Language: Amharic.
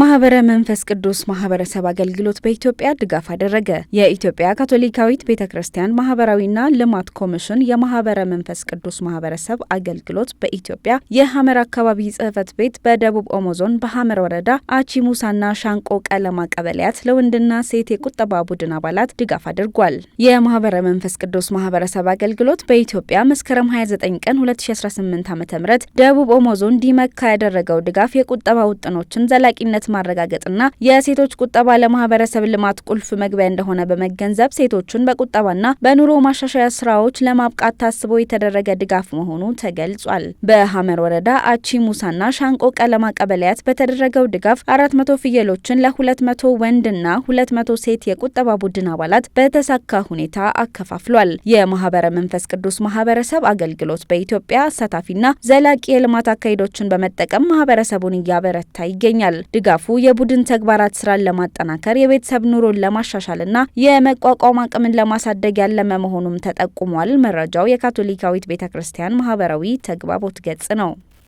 ማህበረ መንፈስ ቅዱስ ማህበረሰብ አገልግሎት በኢትዮጵያ ድጋፍ አደረገ። የኢትዮጵያ ካቶሊካዊት ቤተ ክርስቲያን ማህበራዊና ልማት ኮሚሽን የማህበረ መንፈስ ቅዱስ ማህበረሰብ አገልግሎት በኢትዮጵያ የሐመር አካባቢ ጽህፈት ቤት በደቡብ ኦሞ ዞን በሐመር ወረዳ አቺ ሙሳና ሻንቆ ቀለማ ቀበሌያት ለወንድና ሴት የቁጠባ ቡድን አባላት ድጋፍ አድርጓል። የማህበረ መንፈስ ቅዱስ ማህበረሰብ አገልግሎት በኢትዮጵያ መስከረም 29 ቀን 2018 ዓ ም ደቡብ ኦሞ ዞን ዲመካ ያደረገው ድጋፍ የቁጠባ ውጥኖችን ዘላቂነት ተጠቃሚነት ማረጋገጥና የሴቶች ቁጠባ ለማህበረሰብ ልማት ቁልፍ መግቢያ እንደሆነ በመገንዘብ ሴቶችን በቁጠባና በኑሮ ማሻሻያ ስራዎች ለማብቃት ታስቦ የተደረገ ድጋፍ መሆኑ ተገልጿል። በሐመር ወረዳ አቺ ሙሳና ሻንቆ ቀለማ ቀበሌያት በተደረገው ድጋፍ አራት መቶ ፍየሎችን ለሁለት መቶ ወንድና ሁለት መቶ ሴት የቁጠባ ቡድን አባላት በተሳካ ሁኔታ አከፋፍሏል። የማህበረ መንፈስ ቅዱስ ማህበረሰብ አገልግሎት በኢትዮጵያ አሳታፊና ዘላቂ የልማት አካሄዶችን በመጠቀም ማህበረሰቡን እያበረታ ይገኛል። ድጋፉ የቡድን ተግባራት ስራን ለማጠናከር የቤተሰብ ኑሮን ለማሻሻልና የመቋቋም አቅምን ለማሳደግ ያለመ መሆኑም ተጠቁሟል። መረጃው የካቶሊካዊት ቤተ ክርስቲያን ማህበራዊ ተግባቦት ገጽ ነው።